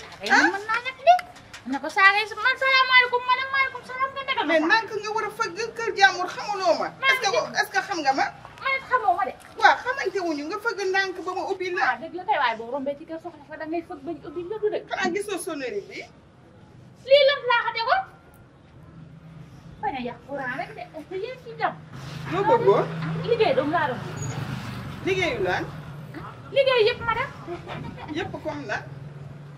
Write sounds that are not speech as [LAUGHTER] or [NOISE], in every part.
Ah! Sa akin naman nanak din. sa akin, man, salaamaaleykum, manam, maaleykum, salaam, ganda ka mais man ka nga war a fëgg kër jàmbur xamuloo ma. est xam nga ma. man xamoo ma de. waaw xamante wuñu nga fëgg ndànk ba ma ubbi la. waaw dëgg kay waaye boo rombee ci kër soxna fa da ngay fëgg ubbi la du dëgg. xanaa gisoo sonnerie bi. lii lan laa ko tegoon. bañ a yàq courant rek de est-ce eh, que yéen ci jàmm. liggéey doomu laa doon. liggéeyu lan. liggéey yëpp ma def. yëpp comme lan.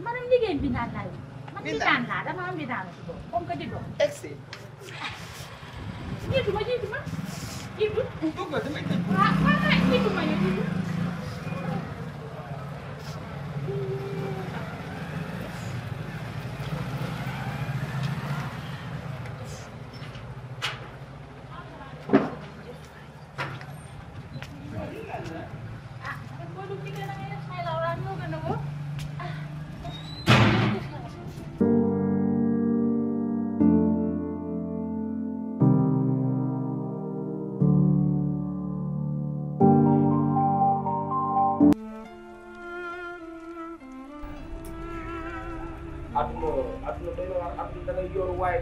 man am liggéey bi naan laay man bi naan laa dama am bi naan si boobu comme que di dox. egsi. jiitu ma jiitu ma jiitu. bëgg nga damay tëj. waaw waaw waaw jiitu ma ñu jiitu. ah.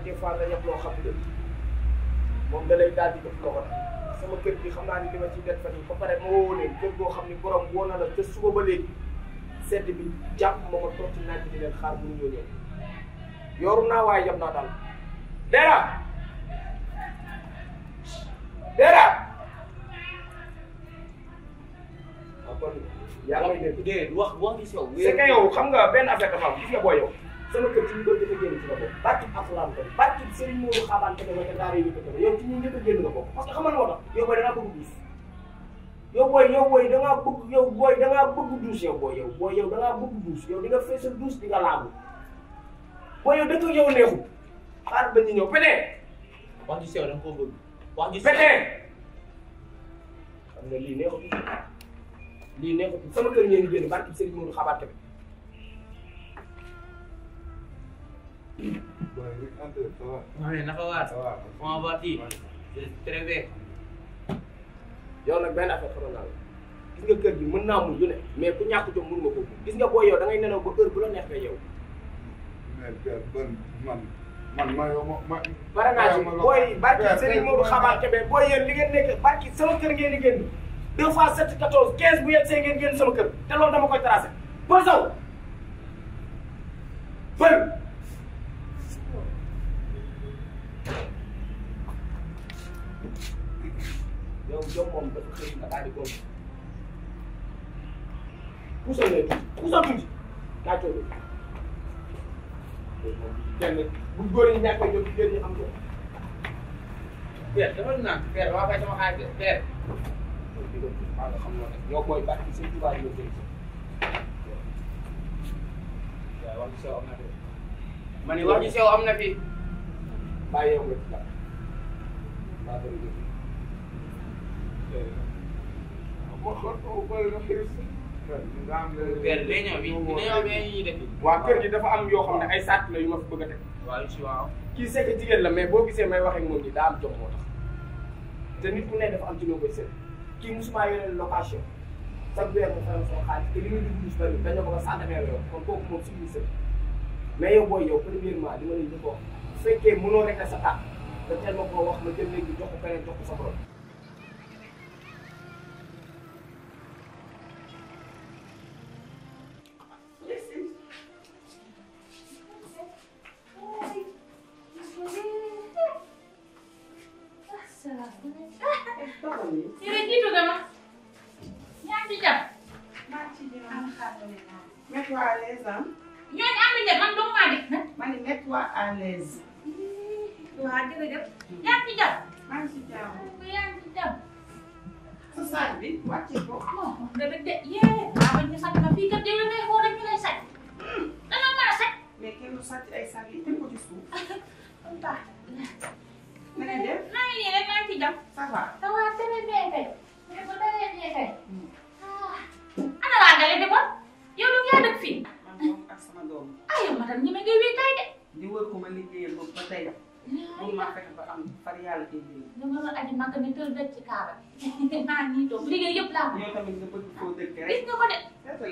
des fois nga yab loo xam ne moom da lay daal di def loxo sama kër gi xam naa ni li ci def fan yi ba pare ma woo leen kër goo xam ni borom woo na la te suba ba léegi sedd bi jàpp ma ma toog ci naaj di leen xaar mu ñëw leen yoru naa waaye yab naa daal dara dara waaw ah, kon yaa ngi dégg wax wax gi si yow c'est que yow xam nga benn affaire dafa am gis nga boo yow sama kër ci ñu ko jëkk a génn ci la bokk barki alxuraan ko barki sëriñ Moodu xabaan te ma ca daara yi ko tëb yow ci ñu njëkk a génn nga bokk parce yow booy dangaa bëgg duus yow booy yow booy dangaa bëgg yow booy dangaa duus yow booy yow dangaa bëgg duus yow di nga feesal duus di nga laagu booy yow dëkk yow neexu xaar ba ñu ñëw pétee wax ji sew da nga koo bëgg wax ji pétee nga lii neexu lii neexu sama kër ngeen génn barki sëriñ Moodu xabaan tamit waaye a benn kër gi mën naa muñ lu mais ku ñàkk jom mënuma ko gis nga boo yow da ngay ba heure bu la neex nga yow mais père ban man sama kër ngeen di génn deux fois sept quatorze quinze bu yegg see ngeen génn sama kër te loolu dama koy tracé. Bon saw. yow yow moom dafa xëy nga daal di góob puusal lay puusal tuuti daa coono kenn bu góor ñi ñàkk a jóg jigéen ñi am ko. père dama naan père waa bay sama xaar père. waaw nga xam nga nag yow booy bàcc seen tubaab yi waaw wax ji sew am na fi. ma ne wax ji sew am na fi. bàyyi yow nga ci weer kër gi dafa am yoo xam ne ay sàcc la ma fi bëgg a teg. waaw si waaw. kii sekk jigéen la mais boo gisee wax ak moom nii daa am jom te nit ku dafa am ci loo koy seet. kii musuma yeneen location. chaque weer mu faral soo xaalis te li muy dugg ci bëri dañoo ko ba cent mille yoon kon kooku moom suñu sëb. mais yow booy yow premièrement li ma leen di ko wax. bu a sa taat. te teel wax ma jël léegi jox waaw jërëjëf. yaa ngi ci jàmm. maa ngi ci jàmm. yaa ngi ci jàmm. sa saag bi wàcce ko. non dama de yee. waaw man ñu sàcc ma fii kat yow ngay xool rek ñu lay sàcc. da nga mën a sàcc. mais kenn du sàcc ay saag yi teg ko ci suuf. kon baax na. nga def maa ngi nii rek maa ngi ci jàmm. ça va. ça va très bien kay. mais ba tey rek kay. ah. ana laa dalee di ko. yow lu yaa dëkk fii. man moom ak sama doom. ah yow madame ñi ma ngay wéy kay de. di wër ko ma liggéeyal ba tey. pour ma fexe ba am far yàlla kii bi. ñu mën a aji màgg ne tël dëkk ci kaaba bi. maa ngi toog liggéey yëpp laa. yow tamit nga bëgg koo dëkk rek. gis nga ko de.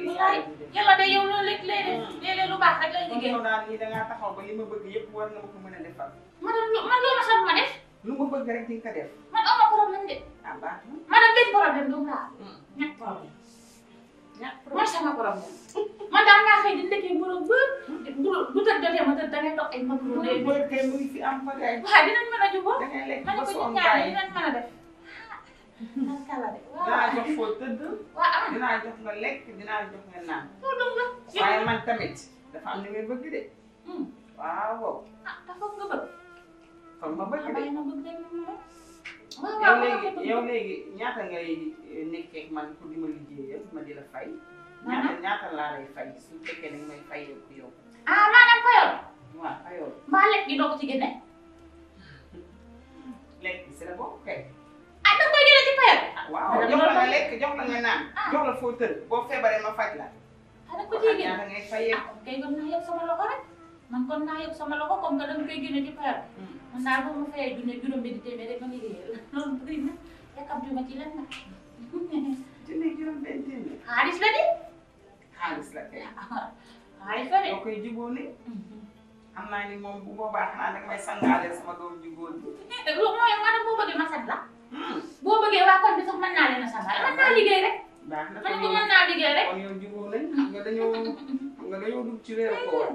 wallaay yàlla de yow loolu rek lay def. Hmm. léeg-léeg lu baax rek lay liggéey. kon daal nii da ngaa ma bëgg yëpp war na ma ko mën a defal. ma def. lu ma bëgg rek di nga ko def. man na problème de. ah baax na. man am benn problème du mu laa. Hmm. ñett problème. man sama borom man daal naa xëy di ndekee borom ba bu tëdd jotee ma tëdd da ngay toog ay mag mu dee muy fi am pagaay waaw dinañ mën a jubóo ma ne ko ñun ñaar dinañ mën a def maskala de dinaa jox foo tëdd waaw ah. dinaa jox nga lekk dinaa jox nga naan waaye man tamit dafa am li ngay bëgg de hmm. waaw ah dafa nga bëgg foog ma bëgg de ah, yow léegi yow léegi ñaata ngay eh, nekkee man pour di ma liggéeyal ma di la fay. Uh-huh. ñaata ñaata laa lay fay su fekkee ne may fay ku yow. ah maanaam fayoon. fayoon. mbaa lekk gi doo ci génne. lekk si la bokk kay. ah, ah, ah nga koy jox la nga lekk jox la nga naan. Ah. jox la foo tëdd boo feebaree ma faj la. ah da ñaata ngay fayee. ah kay gëm naa yëpp sama loxo rek. man kon naa yëg sama loxo comme que dama koy génne di pare. man ah, daal boo ma fayee junne juróom benni téeméer rek ma liggéeyal loolu bëri na yàkkamti ma ci lenn nag. junne juróom benni téeméer. xaalis la de. xaalis la de. xaalis la de. boo koy jubóole. Mhm. xam naa ni moom bu boobaa xanaa nag may sangaale sama doom jubóol bi. [LAUGHS] loolu mooy ma ne boo bëggee ma sant la. Hmm. boo bëggee waa kon bi sax mën naa leen a sangaale mën naa liggéey rek. baax na ko mën naa liggéey rek. kon yow jubóol lañ nga dañoo [LAUGHS] nga dañoo dugg ci réew ko woon.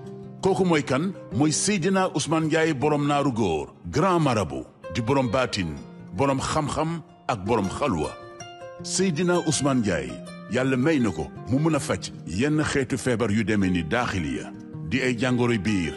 kooku mooy kan mooy Seydina usmaan Ndiaye boroom naaru góor grand marabout di borom baatin borom xam-xam ak borom xalwa Seydina Ousmane Ndiaye yàlla may na ko mu mën a faj yenn xeetu feebar yu demee ni daaxiliya di ay jàngoro biir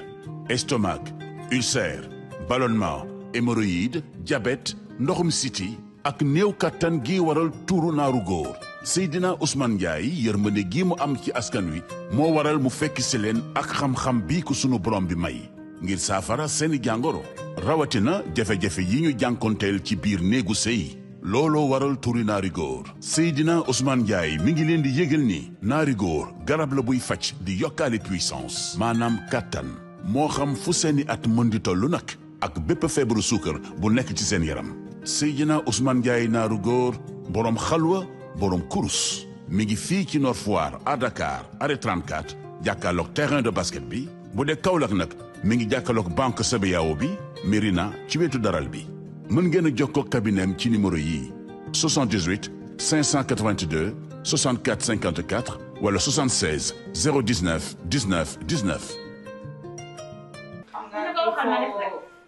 estomac ulcère ballonnement hémorroïde jabet ndoxum siti ak néew kattan gi waral tuuru naaru góor Seydina Ousmane Ndiaye yërmande gi mu am ci askan wi moo waral mu fekk si leen ak xam-xam bii ko sunu borom bi may ngir saafara seeni jàngoro rawatina jafe-jafe yi ñu jànkonteel ci biir néegu sëy looloo waral turi naari góor Seydina Ousmane Ndiaye mi ngi leen di yëgal ni naari góor garab la buy faj di yokkaale puissance maanaam kàttan moo xam fu seeni at mën di toll nag ak bépp feebaru suukar bu nekk ci seen yaram Seydina Ousmane Ndiaye naaru góor boroom xalwa borom kurus mi ngi fii ci Nord Foire à Dakar arrêt 34 terrain de basket bi bu dee Kaolack nag mi ngi jàkkaarloog banque CBAO bi Merina ci wetu daral bi mën ngeen a jokkoo ci numéro yii 78 582 64 54 wala 76 019 19 19.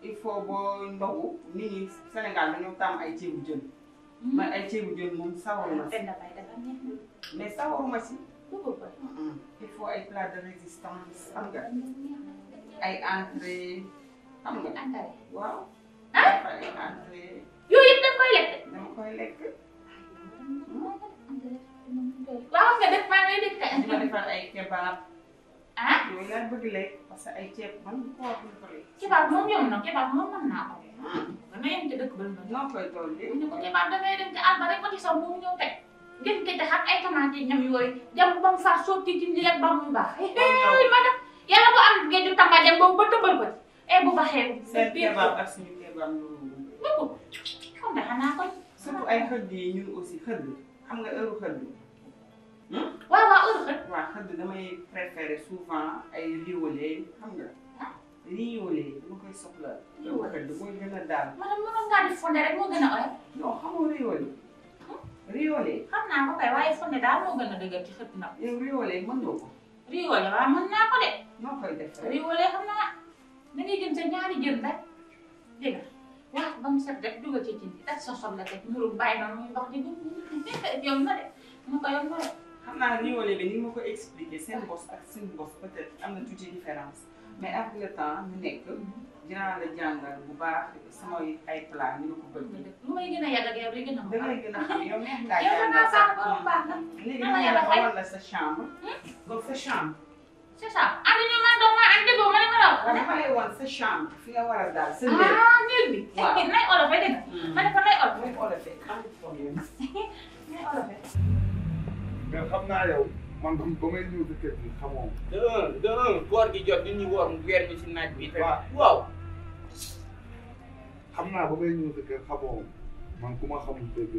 il faut man hmm. ay ceebu jën moom sawaruma si. mais sawaruma si. il faut ay plat de résistance xam nga. ay entrée xam nga. entrée waaw. ah ay entrée. yooyu yëpp da koy lekk. dama koy lekk. waaw nga def maa ngi lekk ay. ma defar ay kebab. ah yooyu laa bëgg lekk parce que ay ceeb man ko war a lekk. kebab moom yomb na kebab moom mën naa ko. mayam ci dëkk ba la. noo koy dolli. ñu ko Kéba damay dem ci àll ba rek ba ci saw moom ñëw teg. gën ko tax ak ay tomate ñam yooyu dem ba mu far sotti ci lekk ba mu baax. eh madame yàlla bu am géej ju tàmba dem ba mu ba tëbal ba eh bu baxee. seen kebaab ak suñu kebaab loolu. dëgg xam nga xanaa koy. surtout ay xëdd yi ñun aussi xëdd xam nga heure xëdd. waaw waaw heure xëdd. waaw xëdd damay préféré souvent ay riwale xam nga. lii wëlee dama koy soxla. lii wële mooy gën a daal. maanaam mënoon ngaa di fonde rek moo gën a oyof. non xamoo riwale. Hmm? riwale. xam naa ko kay waaye fonde daal moo gën a dëgër ci xët na. yow riwale mën nga ko. riwale waaw mën naa ko de. noo koy def riwale xam naa da ngay jëm sa ñaari jën rek dégg nga waaw ba mu set rek dugal ci cin bi ak sa soxla teg murum bàyyi noonu muy wax dëgg yow na de mu ko yow na de. xam naa riwale bi ni ma ko expliqué seen bos ak seen bos peut-être am na tuuti différence. mais ak le temps ñu nekk dinaa la jàngal bu baax sama ay plan ñu ko bëgg. lu may gën a yàgg ak yow day gën a da ngay gën a xam yow même laa [LAUGHS] jàngal sax léegi ñu xamal la sa chambre. Hmm? donc sa chambre. sa chambre ah dañoo mën doon maa ànd déggoo ma ne ma la wax. dama lay wan sa chambre fi nga war a daal sa néeg. ah néeg bi. waaw tey nay olofé dégg nga. Hmm. ma ne ko nay olofé. nay olofé amul problème. [LAUGHS] nay olofé. mais xam naa yow. man ba may ñëw dëkk bi xamoo. de un de un koor gi jot nit ñi woor mu weer ñu si naaj bi. waaw waaw. xam naa ba may ñëw dëkk xamoo man ku ma xamul dëgg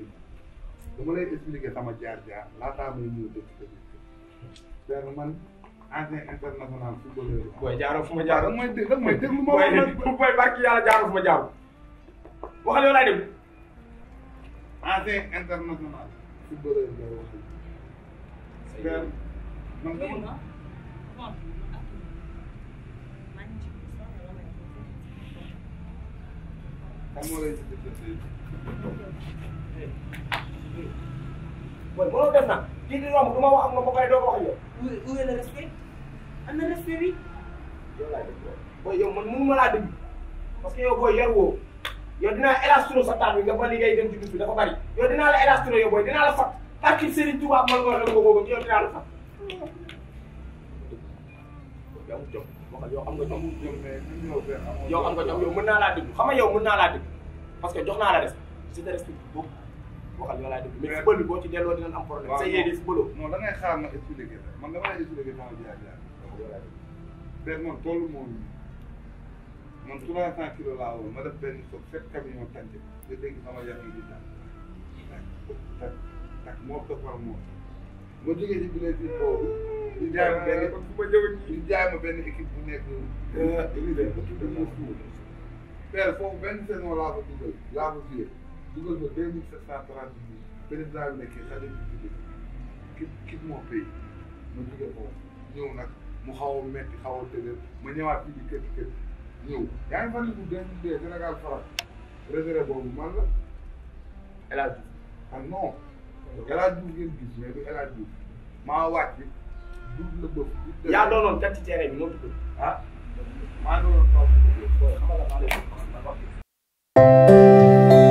dama lay expliquer sama jaar-jaar laataa may ñëw dëkk dëgg. man ancien international footballeur. booy jaaroo fu ma jaaroo mooy dé mooy déglu ma. booy barki yàlla jaaroo fu ma jaaroo. waxal yow laay dem. ancien international footballeur ngay wax. వేరు mooy mënoo def nag kii di romb du ma wax ak moom ba pare doo ko wax yow. où est le respect am na respect bi. yow laa dégg booy yow man mënu ma laa dégg parce que yow booy yar woo yow dinaa élastro sa taat bi nga ba li ngay dem ci dugub bi dafa bari yow dinaa la élastro yow booy dinaa la fat parce que Serigne Touba mën nga wax ko ñoom ñaar la sax. yow jom waxal yow am xam nga yow mën naa laa déglu parce naa la respect je te respecte boobu ci delloo dinañ am problème. waaw sa ma expliqué la man dama lay expliqué sama jaar-jaar. nag moo ko far moom ma jógee ci biir équipe boobu. ñu jaay ma benn i jaay ma benn équipe bu nekk. Euh, leader bu tudd Moussa. père foofu benn laa ko dugal laa ko jiyee dugal ma deux mille sept cent trente mille président bi nekkee xale bi tudd moo pay ma jógee foofu ñëw mu xaw a metti xaw a ma ñëwaat fii di kër kër ñëw yaa ngi fàttali bu deux mille deux Sénégal France réserve la El Hadj ah El Hadj Diouf ngeen gis maa wàcc Diouf la bëgg. yaa doonoon kat ci terrain bi.